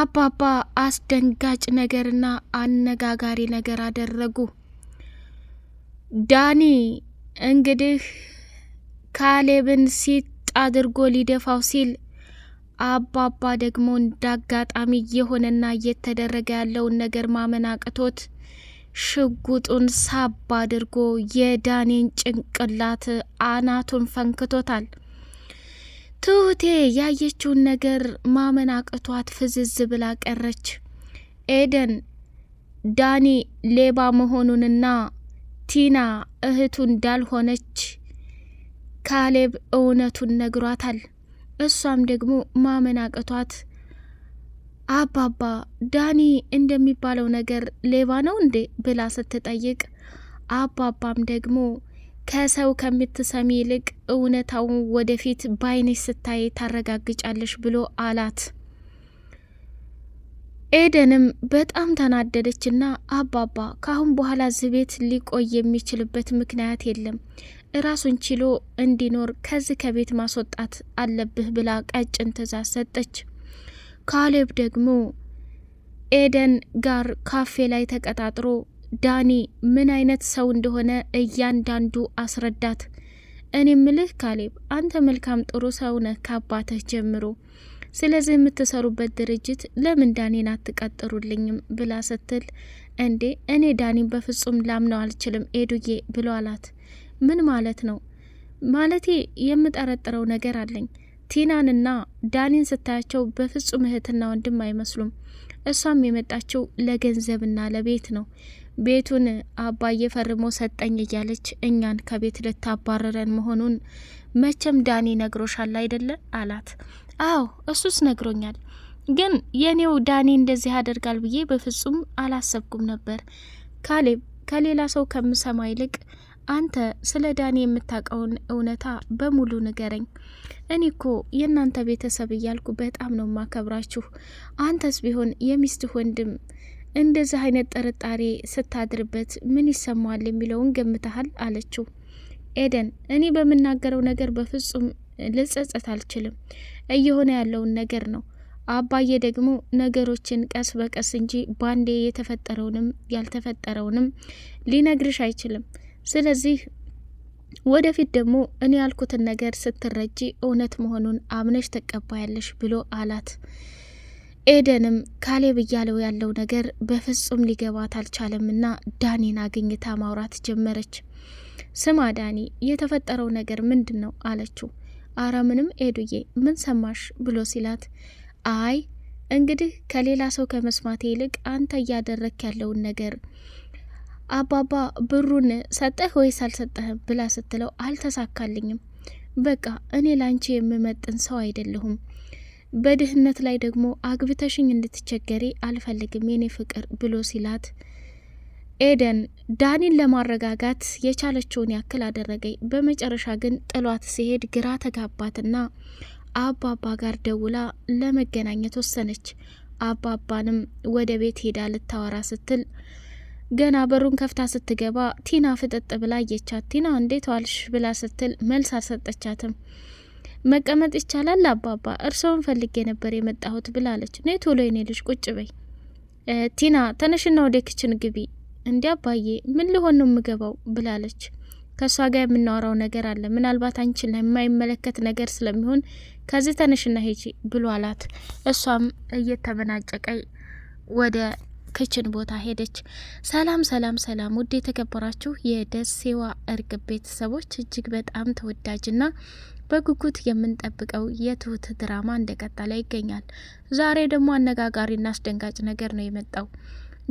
አባባ አስደንጋጭ ነገርና አነጋጋሪ ነገር አደረጉ። ዳኒ እንግዲህ ካሌብን ሲጥ አድርጎ ሊደፋው ሲል አባባ ደግሞ እንዳጋጣሚ እየሆነና እየተደረገ ያለውን ነገር ማመን አቅቶት ሽጉጡን ሳብ አድርጎ የዳኒን ጭንቅላት አናቱን ፈንክቶታል። ትሁቴ ያየችውን ነገር ማመን አቅቷት ፍዝዝ ብላ ቀረች። ኤደን ዳኒ ሌባ መሆኑንና ቲና እህቱ እንዳልሆነች ካሌብ እውነቱን ነግሯታል። እሷም ደግሞ ማመን አቅቷት አባባ ዳኒ እንደሚባለው ነገር ሌባ ነው እንዴ ብላ ስትጠይቅ አባባም ደግሞ ከሰው ከምትሰሚ ይልቅ እውነታውን ወደፊት በአይንሽ ስታይ ታረጋግጫለሽ ብሎ አላት። ኤደንም በጣም ተናደደችና አባባ ካሁን በኋላ እዚህ ቤት ሊቆይ የሚችልበት ምክንያት የለም፣ እራሱን ችሎ እንዲኖር ከዚህ ከቤት ማስወጣት አለብህ ብላ ቀጭን ትእዛዝ ሰጠች። ካሌብ ደግሞ ኤደን ጋር ካፌ ላይ ተቀጣጥሮ ዳኒ ምን አይነት ሰው እንደሆነ እያንዳንዱ አስረዳት። እኔ ምልህ ካሌብ፣ አንተ መልካም ጥሩ ሰው ነህ ከአባትህ ጀምሮ። ስለዚህ የምትሰሩበት ድርጅት ለምን ዳኒን አትቀጥሩልኝም ብላ ስትል፣ እንዴ እኔ ዳኒን በፍጹም ላምነው አልችልም ኤዱዬ ብሎ አላት። ምን ማለት ነው? ማለቴ የምጠረጥረው ነገር አለኝ ቲናንና ዳኒን ስታያቸው በፍጹም እህትና ወንድም አይመስሉም። እሷም የመጣችው ለገንዘብና ለቤት ነው። ቤቱን አባዬ ፈርሞ ሰጠኝ እያለች እኛን ከቤት ልታባረረን መሆኑን መቼም ዳኒ ነግሮሻል አይደለ? አላት። አዎ እሱስ ነግሮኛል፣ ግን የኔው ዳኒ እንደዚህ ያደርጋል ብዬ በፍጹም አላሰብኩም ነበር። ካሌብ ከሌላ ሰው ከምሰማ ይልቅ አንተ ስለ ዳኒ የምታውቀውን እውነታ በሙሉ ንገረኝ። እኔ እኮ የእናንተ ቤተሰብ እያልኩ በጣም ነው ማከብራችሁ። አንተስ ቢሆን የሚስትህ ወንድም እንደዚህ አይነት ጥርጣሬ ስታድርበት ምን ይሰማዋል የሚለውን ገምተሃል? አለችው ኤደን። እኔ በምናገረው ነገር በፍጹም ልጸጸት አልችልም። እየሆነ ያለውን ነገር ነው። አባዬ ደግሞ ነገሮችን ቀስ በቀስ እንጂ ባንዴ የተፈጠረውንም ያልተፈጠረውንም ሊነግርሽ አይችልም። ስለዚህ ወደፊት ደግሞ እኔ ያልኩትን ነገር ስትረጂ እውነት መሆኑን አምነሽ ተቀባያለሽ ብሎ አላት። ኤደንም ካሌብ እያለው ያለው ነገር በፍጹም ሊገባት እና ዳኒን አግኝታ ማውራት ጀመረች። ስማ ዳኒ፣ የተፈጠረው ነገር ምንድን ነው አለችው። አረ ምንም ኤዱዬ፣ ምን ሰማሽ ብሎ ሲላት አይ እንግዲህ ከሌላ ሰው ከመስማቴ ይልቅ አንተ እያደረክ ያለውን ነገር አባባ ብሩን ሰጠህ ወይስ አልሰጠህም ብላ ስትለው አልተሳካልኝም፣ በቃ እኔ ላንቺ የምመጥን ሰው አይደለሁም፣ በድህነት ላይ ደግሞ አግብተሽኝ እንድትቸገሪ አልፈልግም የኔ ፍቅር ብሎ ሲላት ኤደን ዳኒን ለማረጋጋት የቻለችውን ያክል አደረገኝ። በመጨረሻ ግን ጥሏት ሲሄድ ግራ ተጋባትና አባባ ጋር ደውላ ለመገናኘት ወሰነች። አባባንም ወደ ቤት ሄዳ ልታወራ ስትል ገና በሩን ከፍታ ስትገባ ቲና ፍጥጥ ብላ አየቻት። ቲና እንዴት ዋልሽ ብላ ስትል መልስ አልሰጠቻትም። መቀመጥ ይቻላል አባባ፣ እርስዎን ፈልጌ ነበር የመጣሁት ብላለች። ነይ ቶሎ የኔ ልጅ ቁጭ በይ። ቲና ተነሽና ወደ ክችን ግቢ። እንዲ አባዬ ምን ሊሆን ነው የምገባው ብላለች። ከእሷ ጋር የምናወራው ነገር አለ፣ ምናልባት አንቺን የማይመለከት ነገር ስለሚሆን ከዚህ ተነሽና ሄጂ ብሎ አላት። እሷም እየተመናጨቀይ ወደ ክችን ቦታ ሄደች። ሰላም ሰላም ሰላም! ውድ የተከበራችሁ የደሴዋ እርግብ ቤተሰቦች እጅግ በጣም ተወዳጅና በጉጉት የምንጠብቀው የትሁት ድራማ እንደቀጠለ ይገኛል። ዛሬ ደግሞ አነጋጋሪና አስደንጋጭ ነገር ነው የመጣው።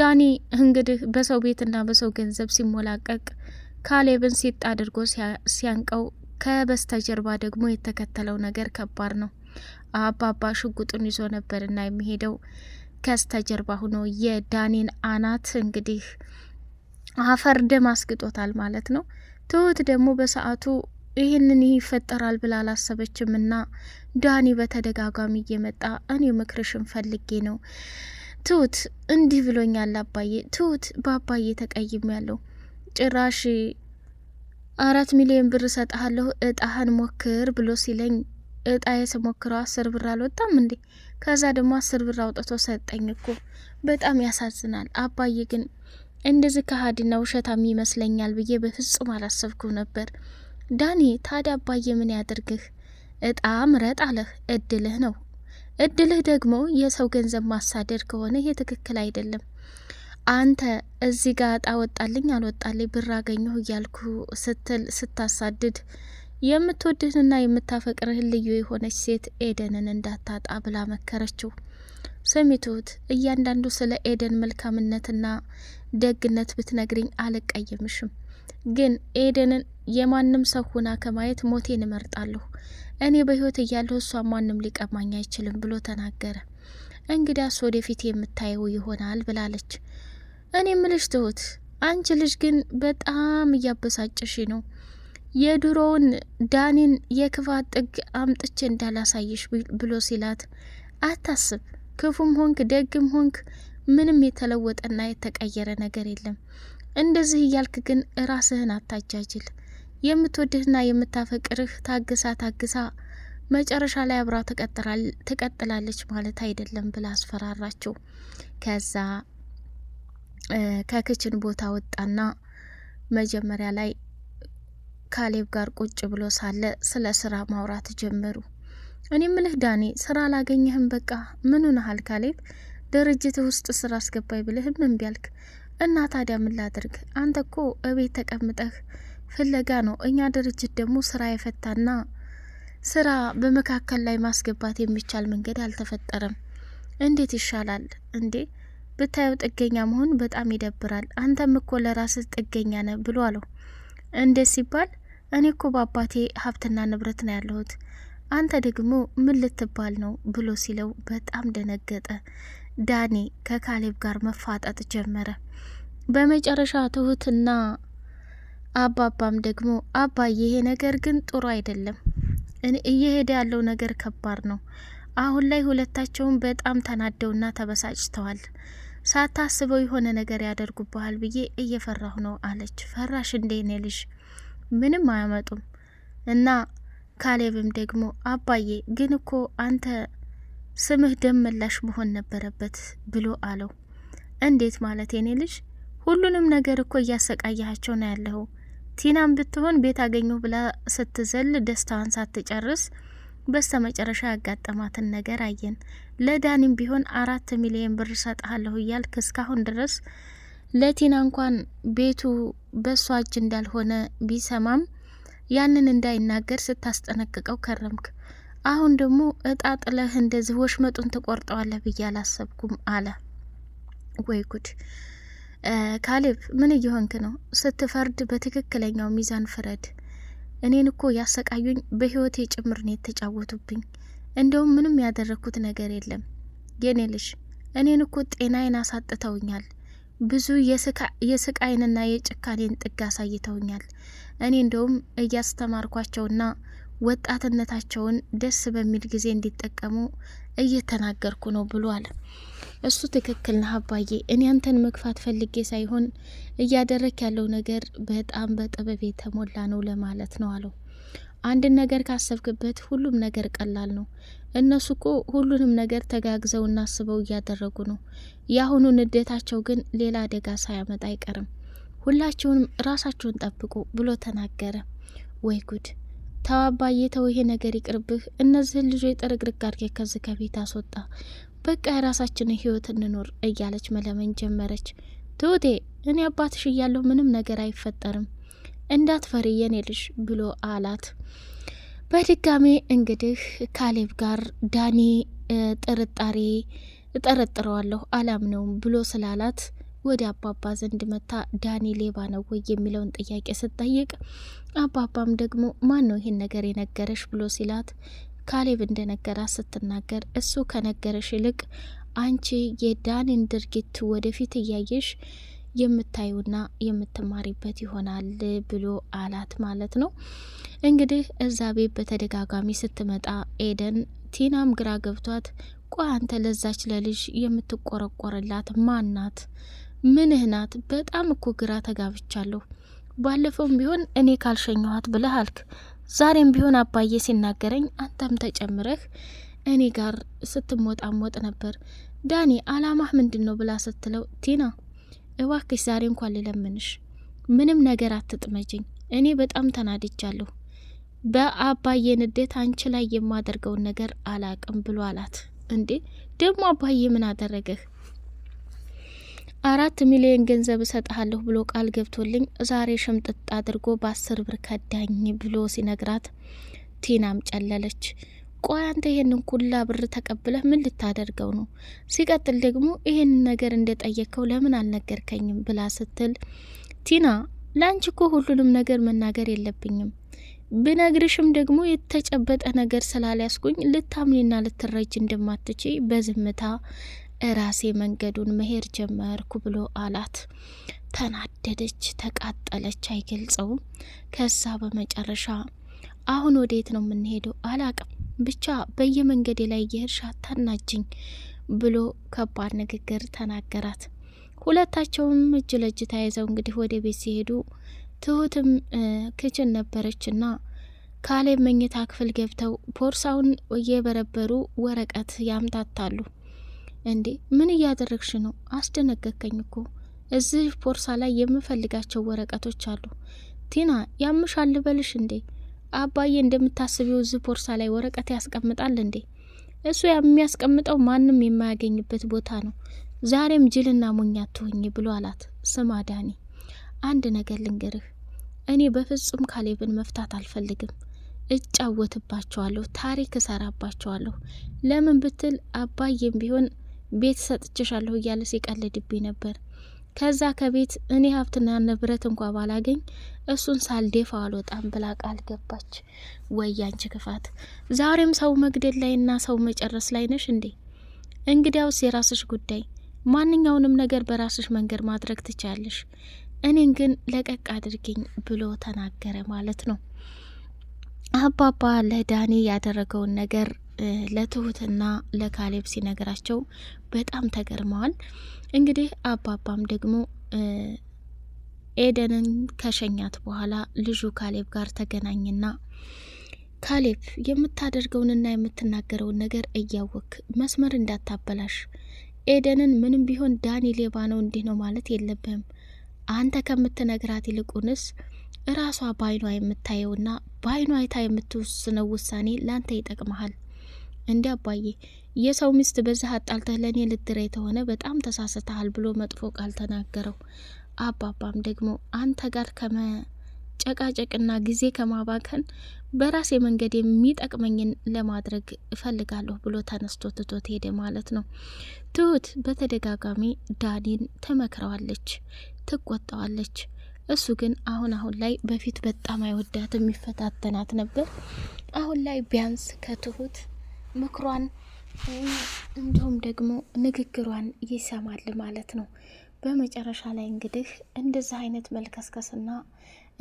ዳኒ እንግዲህ በሰው ቤትና በሰው ገንዘብ ሲሞላቀቅ ካሌብን ሲጥ አድርጎ ሲያንቀው ከበስተጀርባ ደግሞ የተከተለው ነገር ከባድ ነው። አባባ ሽጉጡን ይዞ ነበርና የሚሄደው ከስተጀርባ ሆኖ የዳኒን አናት እንግዲህ አፈር ደም አስግጦታል ማለት ነው። ትሁት ደግሞ በሰዓቱ ይህንን ይፈጠራል ብላ አላሰበችም እና ዳኒ በተደጋጋሚ እየመጣ እኔ ምክርሽን ፈልጌ ነው ትሁት እንዲህ ብሎኛል አባዬ፣ ትሁት በአባዬ ተቀይም ያለው ጭራሽ አራት ሚሊዮን ብር እሰጥሃለሁ እጣህን ሞክር ብሎ ሲለኝ እጣዬ ስሞክረው አስር ብር አልወጣም እንዴ? ከዛ ደግሞ አስር ብር አውጥቶ ሰጠኝ እኮ በጣም ያሳዝናል። አባዬ ግን እንደዚህ ከሀዲና ውሸታም ይመስለኛል ብዬ በፍጹም አላሰብኩ ነበር። ዳኒ ታዲያ አባዬ ምን ያድርግህ? እጣ ምረጥ አለህ፣ እድልህ ነው። እድልህ ደግሞ የሰው ገንዘብ ማሳደድ ከሆነ ይሄ ትክክል አይደለም። አንተ እዚህ ጋር እጣ ወጣልኝ አልወጣልኝ ብር አገኘሁ እያልኩ ስትል ስታሳድድ የምትወድህንና የምታፈቅርህን ልዩ የሆነች ሴት ኤደንን እንዳታጣ ብላ መከረችው። ስሚቱት እያንዳንዱ ስለ ኤደን መልካምነትና ደግነት ብትነግሪኝ አልቀየምሽም፣ ግን ኤደንን የማንም ሰው ሁና ከማየት ሞቴን እመርጣለሁ። እኔ በህይወት እያለሁ እሷ ማንም ሊቀማኝ አይችልም ብሎ ተናገረ። እንግዲያስ ወደፊት የምታየው ይሆናል ብላለች። እኔ ምልሽ ትሁት፣ አንቺ ልጅ ግን በጣም እያበሳጭሽ ነው የድሮውን ዳኒን የክፋት ጥግ አምጥቼ እንዳላሳይሽ ብሎ ሲላት፣ አታስብ፣ ክፉም ሆንክ ደግም ሆንክ ምንም የተለወጠና የተቀየረ ነገር የለም። እንደዚህ እያልክ ግን ራስህን አታጃጅል። የምትወድህና የምታፈቅርህ ታግሳ ታግሳ መጨረሻ ላይ አብራ ትቀጥላለች ማለት አይደለም ብላ አስፈራራቸው። ከዛ ከክችን ቦታ ወጣና መጀመሪያ ላይ ካሌብ ጋር ቁጭ ብሎ ሳለ ስለ ስራ ማውራት ጀመሩ። እኔ ምልህ ዳኔ ስራ አላገኘህም? በቃ ምን ሆነሃል? ካሌብ ድርጅት ውስጥ ስራ አስገባኝ ብልህም እምቢ አልክ። እና ታዲያ ምን ላድርግ? አንተ እኮ እቤት ተቀምጠህ ፍለጋ ነው። እኛ ድርጅት ደግሞ ስራ የፈታና ስራ በመካከል ላይ ማስገባት የሚቻል መንገድ አልተፈጠረም። እንዴት ይሻላል እንዴ? ብታየው ጥገኛ መሆን በጣም ይደብራል። አንተም እኮ ለራስህ ጥገኛ ነህ ብሎ አለው። እንዴት ሲባል እኔ እኮ በአባቴ ሀብትና ንብረት ነው ያለሁት፣ አንተ ደግሞ ምን ልትባል ነው ብሎ ሲለው በጣም ደነገጠ። ዳኔ ከካሌብ ጋር መፋጠጥ ጀመረ። በመጨረሻ ትሁትና አባባም ደግሞ አባዬ፣ ይሄ ነገር ግን ጥሩ አይደለም፣ እየሄደ ያለው ነገር ከባድ ነው። አሁን ላይ ሁለታቸውም በጣም ተናደውና ተበሳጭተዋል። ሳታስበው የሆነ ነገር ያደርጉብሃል ብዬ እየፈራሁ ነው አለች። ፈራሽ እንዴ? ኔ ልጅ ምንም አያመጡም። እና ካሌብም ደግሞ አባዬ ግን እኮ አንተ ስምህ ደም መሆን ነበረበት ብሎ አለው። እንዴት ማለት የኔ ልጅ? ሁሉንም ነገር እኮ እያሰቃያቸው ነው ያለው። ቲናም ብትሆን ቤት አገኘሁ ብላ ስትዘል ደስታዋን ሳትጨርስ በስተ መጨረሻ ያጋጠማትን ነገር አየን። ለዳኒም ቢሆን አራት ሚሊዮን ብር ሰጥሃለሁ እያልክ እስካሁን ድረስ ለቲና እንኳን ቤቱ በሷ እጅ እንዳልሆነ ቢሰማም ያንን እንዳይናገር ስታስጠነቅቀው ከረምክ። አሁን ደግሞ እጣ ጥለህ እንደዚህ ወሽመጡን ትቆርጠዋለህ ብዬ አላሰብኩም አለ። ወይ ጉድ! ካሌብ ምን እየሆንክ ነው? ስትፈርድ በትክክለኛው ሚዛን ፍረድ። እኔን እኮ ያሰቃዩኝ በህይወቴ ጭምር ነው የተጫወቱብኝ። እንደውም ምንም ያደረግኩት ነገር የለም። የኔ ልጅ እኔን እኮ ጤናዬን አሳጥተውኛል። ብዙ የስቃይንና የጭካኔን ጥግ አሳይተውኛል። እኔ እንደውም እያስተማርኳቸውና ወጣትነታቸውን ደስ በሚል ጊዜ እንዲጠቀሙ እየተናገርኩ ነው ብሏል። እሱ ትክክል ነህ አባዬ። እኔ አንተን መግፋት ፈልጌ ሳይሆን እያደረክ ያለው ነገር በጣም በጥበብ የተሞላ ነው ለማለት ነው አለው። አንድን ነገር ካሰብክበት ሁሉም ነገር ቀላል ነው። እነሱ እኮ ሁሉንም ነገር ተጋግዘው እናስበው እያደረጉ ነው። የአሁኑ ንዴታቸው ግን ሌላ አደጋ ሳያመጣ አይቀርም። ሁላችሁንም ራሳችሁን ጠብቁ ብሎ ተናገረ። ወይ ጉድ! ተው አባዬ ተው፣ ይሄ ነገር ይቅርብህ። እነዚህን ልጆች ጥርግርግ አድርጌ ከዚህ ከቤት አስወጣ፣ በቃ የራሳችንን ህይወት እንኖር እያለች መለመን ጀመረች። ትሁቴ እኔ አባትሽ እያለሁ ምንም ነገር አይፈጠርም እንዳትፈሪ የኔ ልጅ ብሎ አላት። በድጋሜ እንግዲህ ካሌብ ጋር ዳኒ ጥርጣሬ እጠረጥረዋለሁ አላምነውም ብሎ ስላላት ወደ አባባ ዘንድ መታ ዳኒ ሌባ ነው ወይ የሚለውን ጥያቄ ስትጠይቅ አባባም ደግሞ ማን ነው ይህን ነገር የነገረሽ ብሎ ሲላት ካሌብ እንደነገራት ስትናገር እሱ ከነገረሽ ይልቅ አንቺ የዳኒን ድርጊት ወደፊት እያየሽ የምታዩና የምትማሪበት ይሆናል ብሎ አላት ማለት ነው። እንግዲህ እዛ ቤት በተደጋጋሚ ስትመጣ ኤደን ቲናም ግራ ገብቷት ቆይ አንተ ለዛች ለልጅ የምትቆረቆርላት ማናት? ምንህ ናት? በጣም እኮ ግራ ተጋብቻለሁ። ባለፈውም ቢሆን እኔ ካልሸኘኋት ብለህ አልክ። ዛሬም ቢሆን አባዬ ሲናገረኝ አንተም ተጨምረህ እኔ ጋር ስትሞጣሞጥ ነበር። ዳኒ አላማህ ምንድን ነው ብላ ስትለው ቲና እባክሽ ዛሬ እንኳን ልለምንሽ፣ ምንም ነገር አትጥመጅኝ። እኔ በጣም ተናድጃለሁ። በአባዬ ንዴት አንቺ ላይ የማደርገውን ነገር አላቅም ብሎ አላት። እንዴ ደግሞ አባዬ ምን አደረገህ? አራት ሚሊዮን ገንዘብ እሰጥሃለሁ ብሎ ቃል ገብቶልኝ ዛሬ ሽምጥጥ አድርጎ በአስር ብር ከዳኝ ብሎ ሲነግራት ቲናም ጨለለች። ቆይ አንተ ይሄንን ኩላ ብር ተቀብለህ ምን ልታደርገው ነው? ሲቀጥል ደግሞ ይሄንን ነገር እንደጠየቅከው ለምን አልነገርከኝም? ብላ ስትል ቲና ለአንቺ እኮ ሁሉንም ነገር መናገር የለብኝም ብነግርሽም ደግሞ የተጨበጠ ነገር ስላልያስኩኝ ልታምኒና ልትረጅ እንደማትች በዝምታ እራሴ መንገዱን መሄድ ጀመርኩ ብሎ አላት። ተናደደች፣ ተቃጠለች፣ አይገልጸውም። ከዛ በመጨረሻ አሁን ወዴት ነው የምንሄደው? አላቅም ብቻ በየመንገዴ ላይ እየሄድሽ አታናጅኝ ብሎ ከባድ ንግግር ተናገራት። ሁለታቸውም እጅ ለእጅ ተያይዘው እንግዲህ ወደ ቤት ሲሄዱ ትሁትም ክችን ነበረችና ካሌብ መኝታ ክፍል ገብተው ቦርሳውን እየበረበሩ ወረቀት ያምታታሉ። እንዴ ምን እያደረግሽ ነው? አስደነገከኝ እኮ እዚህ ቦርሳ ላይ የምፈልጋቸው ወረቀቶች አሉ። ቲና ያምሻል በልሽ እንዴ? አባዬ እንደምታስቢው እዚህ ቦርሳ ላይ ወረቀት ያስቀምጣል እንዴ? እሱ የሚያስቀምጠው ማንም የማያገኝበት ቦታ ነው። ዛሬም ጅልና ሞኛ ትሆኝ ብሎ አላት። ስማ ዳኒ፣ አንድ ነገር ልንገርህ። እኔ በፍጹም ካሌብን መፍታት አልፈልግም። እጫወትባቸዋለሁ፣ ታሪክ እሰራባቸዋለሁ። ለምን ብትል አባዬም ቢሆን ቤት ሰጥችሻለሁ እያለ ሲቀልድብኝ ነበር። ከዛ ከቤት እኔ ሀብትና ንብረት እንኳ ባላገኝ እሱን ሳልዴፋ አልወጣም ብላ ቃል ገባች። ወይ አንቺ ክፋት! ዛሬም ሰው መግደል ላይና ሰው መጨረስ ላይ ነሽ እንዴ? እንግዲያውስ የራስሽ ጉዳይ። ማንኛውንም ነገር በራስሽ መንገድ ማድረግ ትቻለሽ። እኔን ግን ለቀቅ አድርግኝ ብሎ ተናገረ ማለት ነው። አባባ ለዳኒ ያደረገውን ነገር ለትሁትና ለካሌብ ሲነግራቸው በጣም ተገርመዋል። እንግዲህ አባባም ደግሞ ኤደንን ከሸኛት በኋላ ልጁ ካሌብ ጋር ተገናኝና ካሌብ የምታደርገውንና የምትናገረውን ነገር እያወክ መስመር እንዳታበላሽ ኤደንን ምንም ቢሆን ዳኒ ሌባ ነው እንዲህ ነው ማለት የለብህም። አንተ ከምትነግራት ይልቁንስ እራሷ ባይኗ የምታየውና ባይኗ አይታ የምትወስነው ውሳኔ ላንተ ይጠቅመሃል። እንዲ አባዬ የሰው ሚስት በዛህ አጣልተህ ለእኔ ልድረ የተሆነ በጣም ተሳስተሃል ብሎ መጥፎ ቃል ተናገረው። አባባም ደግሞ አንተ ጋር ከመጨቃጨቅና ጊዜ ከማባከን በራሴ መንገድ የሚጠቅመኝን ለማድረግ እፈልጋለሁ ብሎ ተነስቶ ትቶት ሄደ ማለት ነው። ትሁት በተደጋጋሚ ዳኒን ትመክረዋለች፣ ትቆጣዋለች። እሱ ግን አሁን አሁን ላይ በፊት በጣም አይወዳት የሚፈታተናት ነበር። አሁን ላይ ቢያንስ ከትሁት ምክሯን እንዲሁም ደግሞ ንግግሯን ይሰማል ማለት ነው። በመጨረሻ ላይ እንግዲህ እንደዚህ አይነት መልከስከስና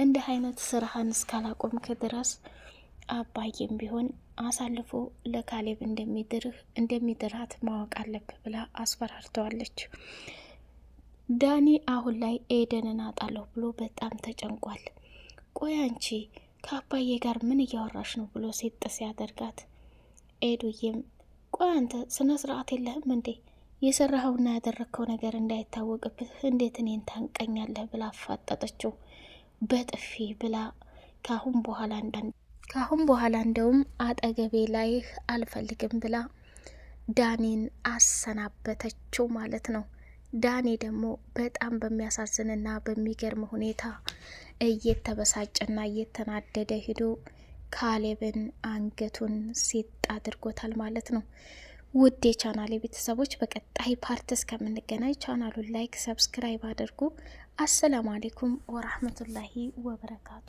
እንዲህ አይነት ስራህን እስካላቆምክ ድረስ አባዬም ቢሆን አሳልፎ ለካሌብ እንደሚድርህ እንደሚድራት ማወቅ አለብህ ብላ አስፈራርተዋለች። ዳኒ አሁን ላይ ኤደንን አጣለሁ ብሎ በጣም ተጨንቋል። ቆይ አንቺ ከአባዬ ጋር ምን እያወራሽ ነው ብሎ ሴጥ ሲያደርጋት ኤዱዬም ቆይ አንተ ስነ ስርዓት የለህም እንዴ? የሰራኸውና ያደረግከው ነገር እንዳይታወቅብህ እንዴት እኔን ታንቀኛለህ? ብላ አፋጠጠችው በጥፊ ብላ ካሁን በኋላ እንዳን ካሁን በኋላ እንደውም አጠገቤ ላይህ አልፈልግም ብላ ዳኒን አሰናበተችው ማለት ነው። ዳኒ ደግሞ በጣም በሚያሳዝንና በሚገርም ሁኔታ እየተበሳጨና እየተናደደ ሂዶ ካሌብን አንገቱን ሲጥ አድርጎታል ማለት ነው። ውድ የቻናሌ ቤተሰቦች በቀጣይ ፓርት እስከምንገናኝ ቻናሉን ላይክ፣ ሰብስክራይብ አድርጉ። አሰላሙ አሌይኩም ወራህመቱላሂ ወበረካቱ።